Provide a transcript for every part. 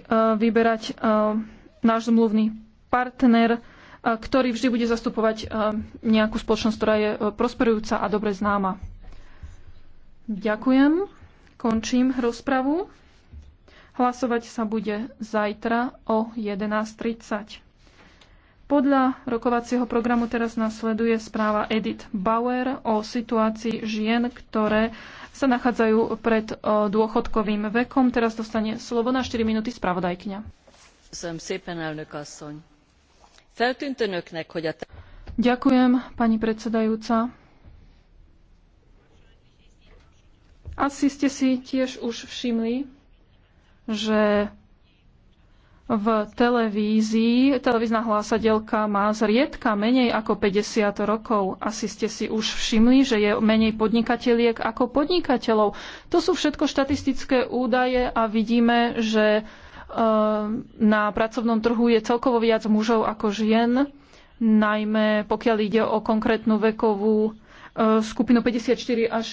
Eh, vyberať eh, náš zmluvný partner, eh, ktorý vždy bude zastupovať nejakú spoločnosť, ktorá je prosperujúca a dobre známa. Ďakujem. Končím rozpravu. Hlasovať sa bude zajtra o 11.30. Podľa rokovacieho programu teraz nasleduje správa Edith Bauer o situácii žien, ktoré sa nachádzajú pred dôchodkovým vekom. Teraz dostane slovo na 4 minúty spravodajkňa. Ďakujem, pani predsedajúca. Asi ste si tiež už všimli, že v televízii. Televízna hlásadelka má zriedka menej ako 50 rokov. Asi ste si už všimli, že je menej podnikateliek ako podnikateľov. To sú všetko štatistické údaje a vidíme, že e, na pracovnom trhu je celkovo viac mužov ako žien, najmä pokiaľ ide o konkrétnu vekovú e, skupinu 54 až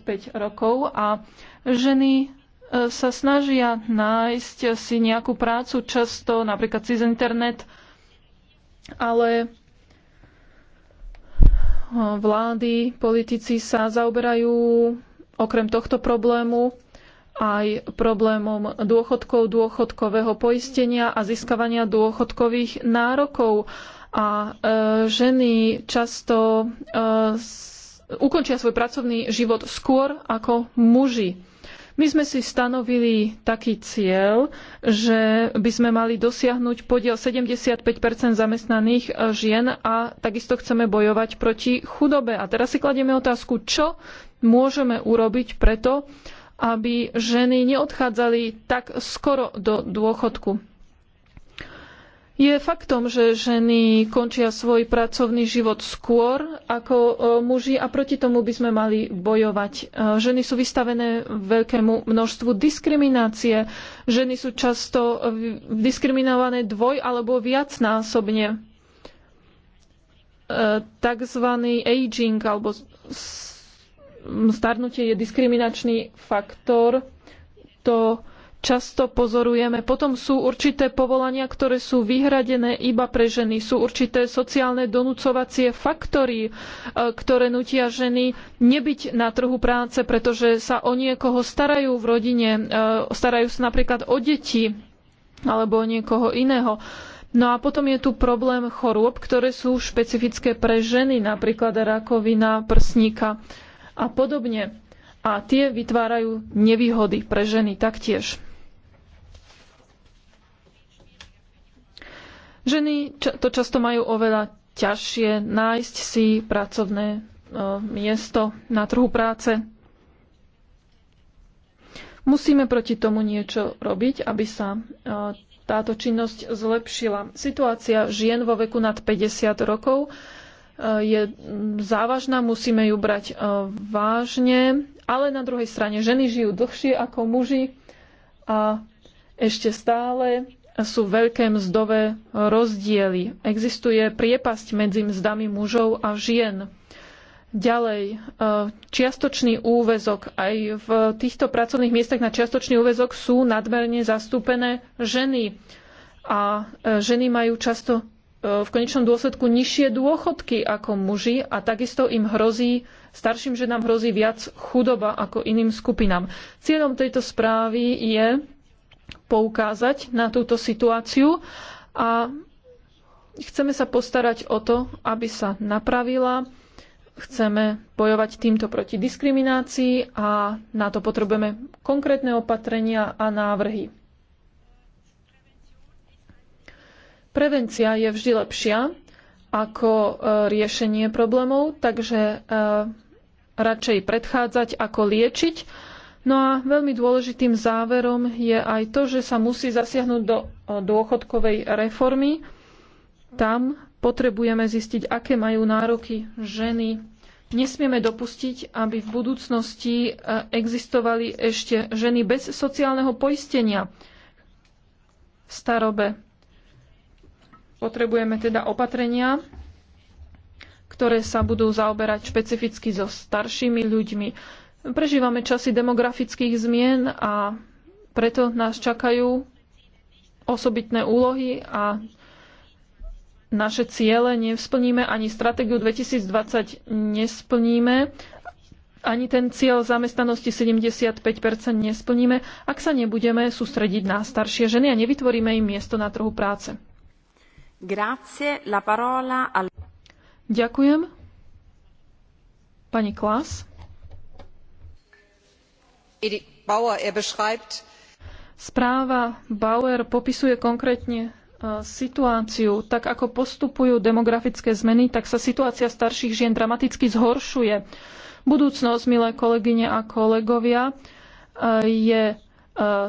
65 rokov a ženy sa snažia nájsť si nejakú prácu často, napríklad cez internet, ale vlády, politici sa zaoberajú okrem tohto problému aj problémom dôchodkov, dôchodkového poistenia a získavania dôchodkových nárokov. A e, ženy často e, s, ukončia svoj pracovný život skôr ako muži. My sme si stanovili taký cieľ, že by sme mali dosiahnuť podiel 75 zamestnaných eh, žien a takisto chceme bojovať proti chudobe. A teraz si kladieme otázku, čo môžeme urobiť preto, aby ženy neodchádzali tak skoro do dôchodku. Je faktom, že ženy končia svoj pracovný život skôr ako e, muži a proti tomu by sme mali bojovať. E, ženy sú vystavené veľkému množstvu diskriminácie. Ženy sú často e, diskriminované dvoj alebo viacnásobne. Takzvaný aging alebo starnutie je diskriminačný faktor. To často pozorujeme. Potom sú určité povolania, ktoré sú vyhradené iba pre ženy. Sú určité sociálne donúcovacie faktory, e, ktoré nutia ženy nebyť na trhu práce, pretože sa o niekoho starajú v rodine, e, starajú sa napríklad o deti alebo o niekoho iného. No a potom je tu problém chorôb, ktoré sú špecifické pre ženy, napríklad rakovina prsníka a podobne. A tie vytvárajú nevýhody pre ženy taktiež. Ženy to často majú oveľa ťažšie nájsť si pracovné e, miesto na trhu práce. Musíme proti tomu niečo robiť, aby sa e, táto činnosť zlepšila. Situácia žien vo veku nad 50 rokov e, je závažná, musíme ju brať vážne, ale na druhej strane ženy žijú dlhšie ako muži a ešte stále sú veľké mzdové rozdiely. Existuje priepasť medzi mzdami mužov a žien. Ďalej, e, čiastočný úvezok. Aj v týchto pracovných miestach na čiastočný úvezok sú nadmerne zastúpené ženy. A e, ženy majú často e, v konečnom dôsledku nižšie dôchodky ako muži a takisto im hrozí, starším ženám hrozí viac chudoba ako iným skupinám. Cieľom tejto správy je poukázať na túto situáciu a chceme sa postarať o to, aby sa napravila. Chceme bojovať týmto proti diskriminácii a na to potrebujeme konkrétne opatrenia a návrhy. Prevencia je vždy lepšia ako e, riešenie problémov, takže e, radšej predchádzať ako liečiť No a veľmi dôležitým záverom je aj to, že sa musí zasiahnuť do eh, dôchodkovej reformy. Tam potrebujeme zistiť, aké majú nároky ženy. Nesmieme dopustiť, aby v budúcnosti eh, existovali ešte ženy bez sociálneho poistenia v starobe. Potrebujeme teda opatrenia, ktoré sa budú zaoberať špecificky so staršími ľuďmi Prežívame časy demografických zmien a preto nás čakajú osobitné úlohy a naše ciele nevsplníme, ani stratégiu 2020 nesplníme, ani ten cieľ zamestnanosti 75 nesplníme, ak sa nebudeme sústrediť na staršie ženy a nevytvoríme im miesto na trhu práce. Grazie, la parola al... Ďakujem. Pani Klas. Er Správa Bauer popisuje konkrétne e, situáciu. Tak ako postupujú demografické zmeny, tak sa situácia starších žien dramaticky zhoršuje. Budúcnosť, milé kolegyne a kolegovia, e, je e,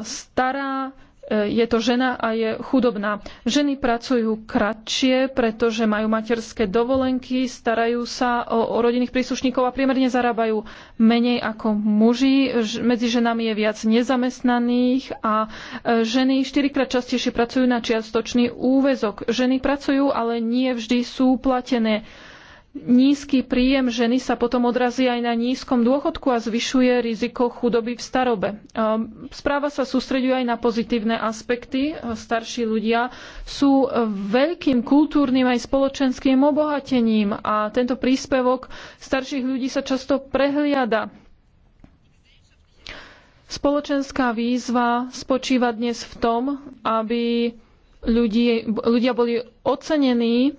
stará, E, je to žena a je chudobná. Ženy pracujú kratšie, pretože majú materské dovolenky, starajú sa o, o rodinných príslušníkov a priemerne zarábajú menej ako muži. Medzi ženami je viac nezamestnaných a e, ženy štyrikrát častejšie pracujú na čiastočný úvezok. Ženy pracujú, ale nie vždy sú platené nízky príjem ženy sa potom odrazí aj na nízkom dôchodku a zvyšuje riziko chudoby v starobe. Správa sa sústreďuje aj na pozitívne aspekty. Starší ľudia sú veľkým kultúrnym aj spoločenským obohatením a tento príspevok starších ľudí sa často prehliada. Spoločenská výzva spočíva dnes v tom, aby ľudia boli ocenení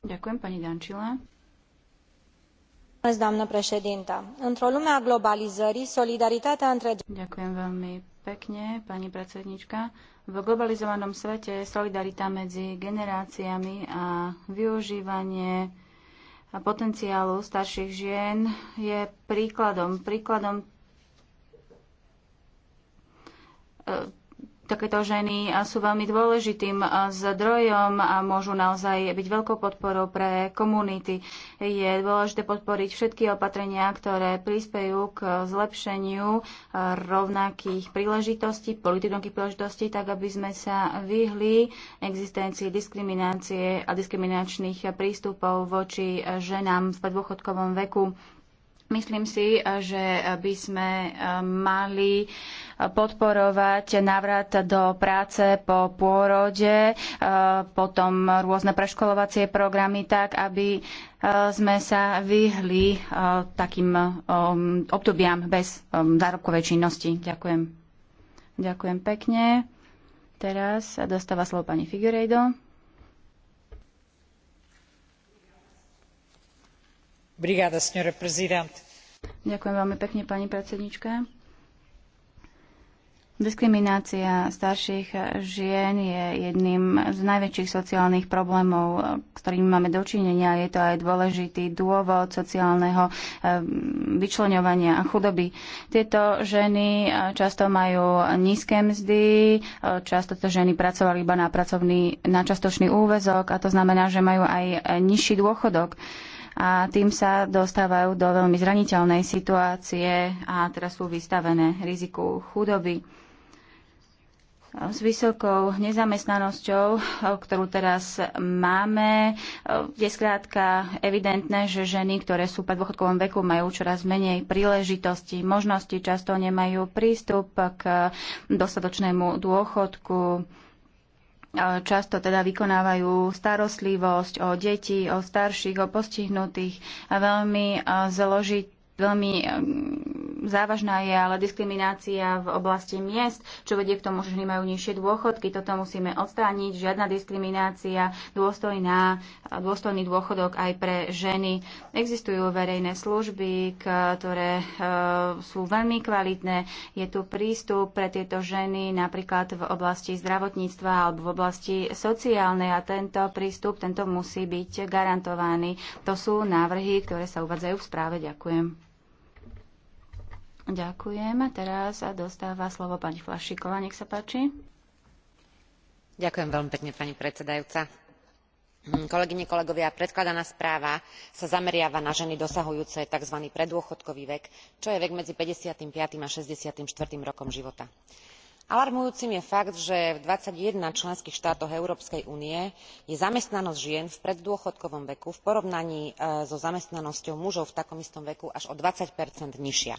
Ďakujem, pani Dančila. Într-o lume a globalizării, solidaritatea între... Ďakujem veľmi pekne, pani predsednička. V globalizovanom svete solidarita medzi generáciami a využívanie a potenciálu starších žien je príkladom, príkladom e, Takéto ženy sú veľmi dôležitým zdrojom a môžu naozaj byť veľkou podporou pre komunity. Je dôležité podporiť všetky opatrenia, ktoré prispejú k zlepšeniu rovnakých príležitostí, politických príležitostí, tak aby sme sa vyhli existencii diskriminácie a diskriminačných prístupov voči ženám v dôchodkovom veku. Myslím si, že by sme eh, mali eh, podporovať návrat do práce po pôrode, eh, potom rôzne preškolovacie programy tak, aby sme sa vyhli takým obdobiam bez zárobkovej činnosti. Ďakujem. Ďakujem pekne. Teraz dostáva slovo pani Figueiredo. Ďakujem veľmi pekne, pani predsednička. Diskriminácia starších žien je jedným z najväčších sociálnych problémov, s ktorými máme dočinenia. Je to aj dôležitý dôvod sociálneho ehm, vyčleňovania a chudoby. Tieto ženy eh, často majú nízke mzdy, eh, často to ženy pracovali iba na, pracovný, na častočný úvezok a to znamená, že majú aj eh, nižší dôchodok a tým sa dostávajú do veľmi zraniteľnej situácie a teraz sú vystavené riziku chudoby. S vysokou nezamestnanosťou, ktorú teraz máme, je skrátka evidentné, že ženy, ktoré sú v dôchodkovom veku, majú čoraz menej príležitosti, možnosti, často nemajú prístup k dostatočnému dôchodku často teda vykonávajú starostlivosť o deti, o starších, o postihnutých a veľmi zložité Veľmi závažná je ale diskriminácia v oblasti miest, čo vedie k tomu, že ženy majú nižšie dôchodky. Toto musíme odstrániť. Žiadna diskriminácia, dôstojná, dôstojný dôchodok aj pre ženy. Existujú verejné služby, ktoré e, sú veľmi kvalitné. Je tu prístup pre tieto ženy napríklad v oblasti zdravotníctva alebo v oblasti sociálnej a tento prístup, tento musí byť garantovaný. To sú návrhy, ktoré sa uvádzajú v správe. Ďakujem. Ďakujem. A teraz dostáva slovo pani Flašiková. Nech sa páči. Ďakujem veľmi pekne, pani predsedajúca. Hm, kolegyne, kolegovia, predkladaná správa sa zameriava na ženy dosahujúce tzv. predôchodkový vek, čo je vek medzi 55. a 64. rokom života. Alarmujúcim je fakt, že v 21 členských štátoch Európskej únie je zamestnanosť žien v preddôchodkovom veku v porovnaní e, so zamestnanosťou mužov v takom istom veku až o 20 nižšia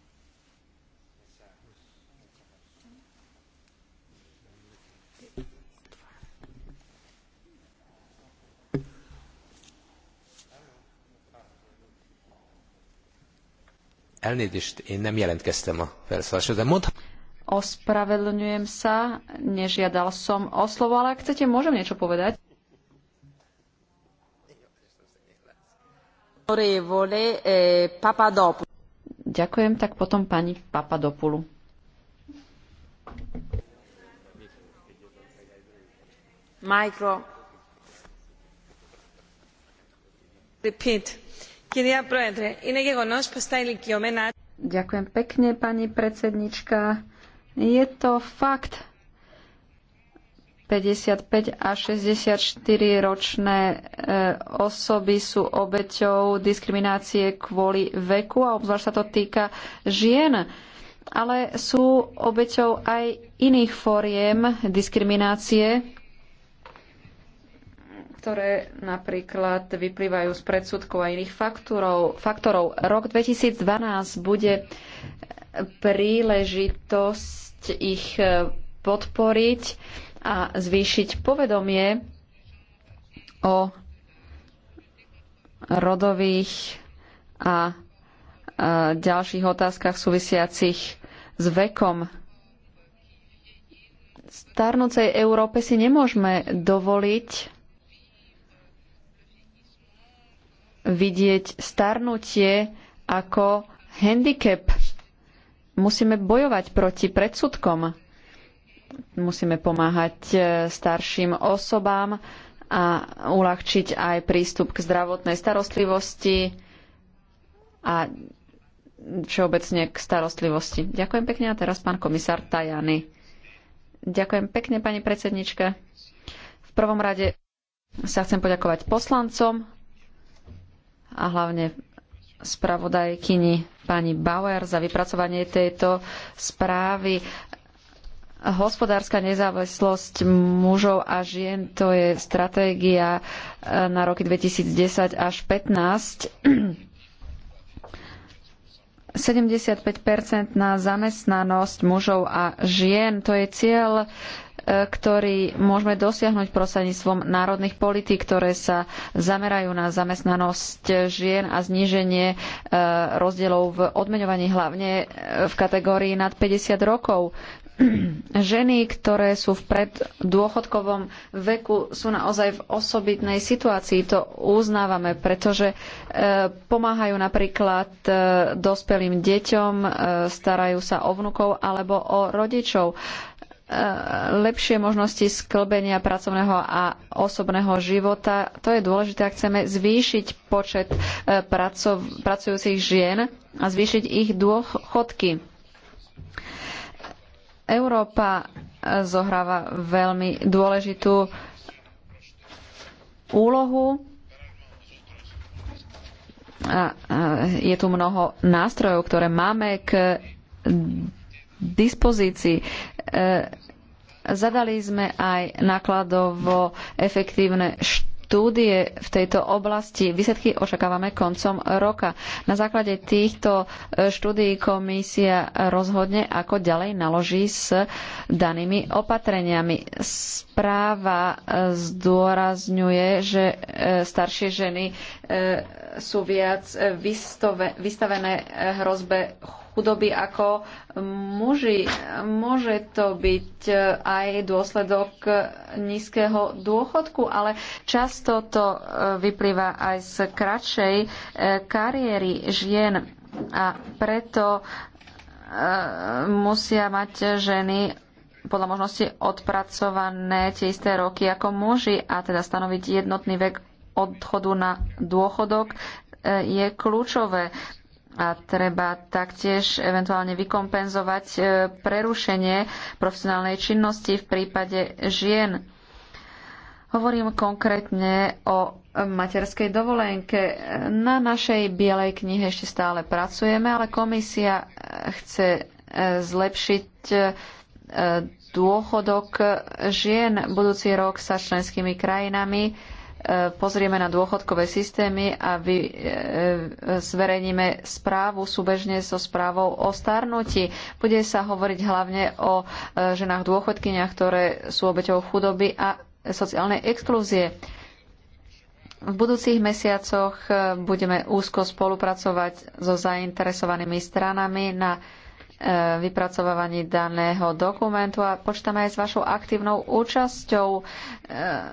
Elnézést, én nem jelentkeztem a felszólásra, de mondhat... Ospravedlňujem sa, nežiadal som o slovo, ale ak chcete, môžem niečo povedať. Eh, Ďakujem, tak potom pani Papadopulu. Micro. Repeat Ďakujem pekne, pani predsednička. Je to fakt. 55 a 64 ročné e, osoby sú obeťou diskriminácie kvôli veku a obzvlášť sa to týka žien. Ale sú obeťou aj iných fóriem diskriminácie, ktoré napríklad vyplývajú z predsudkov a iných faktorov. faktorov. Rok 2012 bude príležitosť ich e, podporiť a zvýšiť povedomie o rodových a e, ďalších otázkach súvisiacich s vekom V starnúcej Európe si nemôžeme dovoliť vidieť starnutie ako handicap. Musíme bojovať proti predsudkom. Musíme pomáhať e, starším osobám a uľahčiť aj prístup k zdravotnej starostlivosti a všeobecne k starostlivosti. Ďakujem pekne a teraz pán komisár Tajany. Ďakujem pekne, pani predsednička. V prvom rade sa chcem poďakovať poslancom, a hlavne spravodajkyni pani Bauer za vypracovanie tejto správy. Hospodárska nezávislosť mužov a žien to je stratégia e, na roky 2010 až 15. 75 na zamestnanosť mužov a žien, to je cieľ E, ktorý môžeme dosiahnuť prostredníctvom národných politík, ktoré sa zamerajú na zamestnanosť žien a zníženie e, rozdielov v odmeňovaní, hlavne e, v kategórii nad 50 rokov. Ženy, ktoré sú v preddôchodkovom veku, sú naozaj v osobitnej situácii. To uznávame, pretože pomáhajú napríklad dospelým deťom, starajú sa o vnukov alebo o rodičov lepšie možnosti sklbenia pracovného a osobného života. To je dôležité, ak chceme zvýšiť počet e, pracov, pracujúcich žien a zvýšiť ich dôchodky. Európa e, zohráva veľmi dôležitú úlohu. A e, je tu mnoho nástrojov, ktoré máme k dispozícii. E, zadali sme aj nákladovo efektívne štúdie v tejto oblasti. Výsledky očakávame koncom roka. Na základe týchto e, štúdií komisia rozhodne, ako ďalej naloží s danými opatreniami. Správa e, zdôrazňuje, že staršie ženy sú viac vystavené hrozbe chudoby ako muži. Môže to byť e, aj dôsledok nízkeho dôchodku, ale často to e, vyplýva aj z kratšej e, kariéry žien a preto musia mať ženy podľa možnosti odpracované tie isté roky ako muži a teda stanoviť jednotný vek odchodu na dôchodok je kľúčové a treba taktiež eventuálne vykompenzovať e, prerušenie profesionálnej činnosti v prípade žien. Hovorím konkrétne o materskej dovolenke. Na našej bielej knihe ešte stále pracujeme, ale komisia e, chce e, zlepšiť dôchodok žien. Budúci rok sa členskými krajinami pozrieme na dôchodkové systémy a vy, e, e, zverejníme správu súbežne so správou o starnutí. Bude sa hovoriť hlavne o e, ženách dôchodkyniach, ktoré sú obeťou chudoby a sociálnej exklúzie. V budúcich mesiacoch e, budeme úzko spolupracovať so zainteresovanými stranami na e, vypracovávaní daného dokumentu a počítame aj s vašou aktívnou účasťou. E,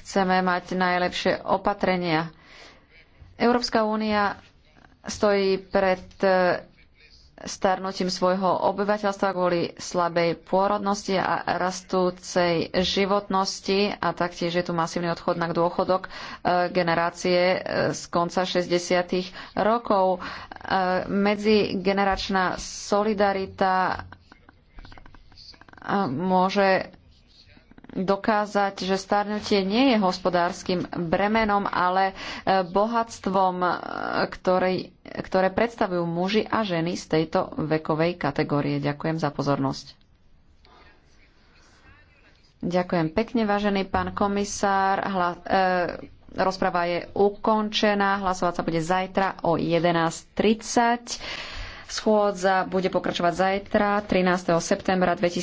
chceme mať najlepšie opatrenia. Európska únia stojí pred eh, starnutím svojho obyvateľstva kvôli slabej pôrodnosti a rastúcej životnosti a taktiež je tu masívny odchod na dôchodok eh, generácie eh, z konca 60. rokov. Medzigeneračná solidarita môže dokázať, že starnutie nie je hospodárskym bremenom, ale e, bohatstvom, e, ktoré, ktoré predstavujú muži a ženy z tejto vekovej kategórie. Ďakujem za pozornosť. Ďakujem pekne, vážený pán komisár. Hla, e, rozprava je ukončená. Hlasovať sa bude zajtra o 11.30. Schôdza bude pokračovať zajtra, 13. septembra 2000.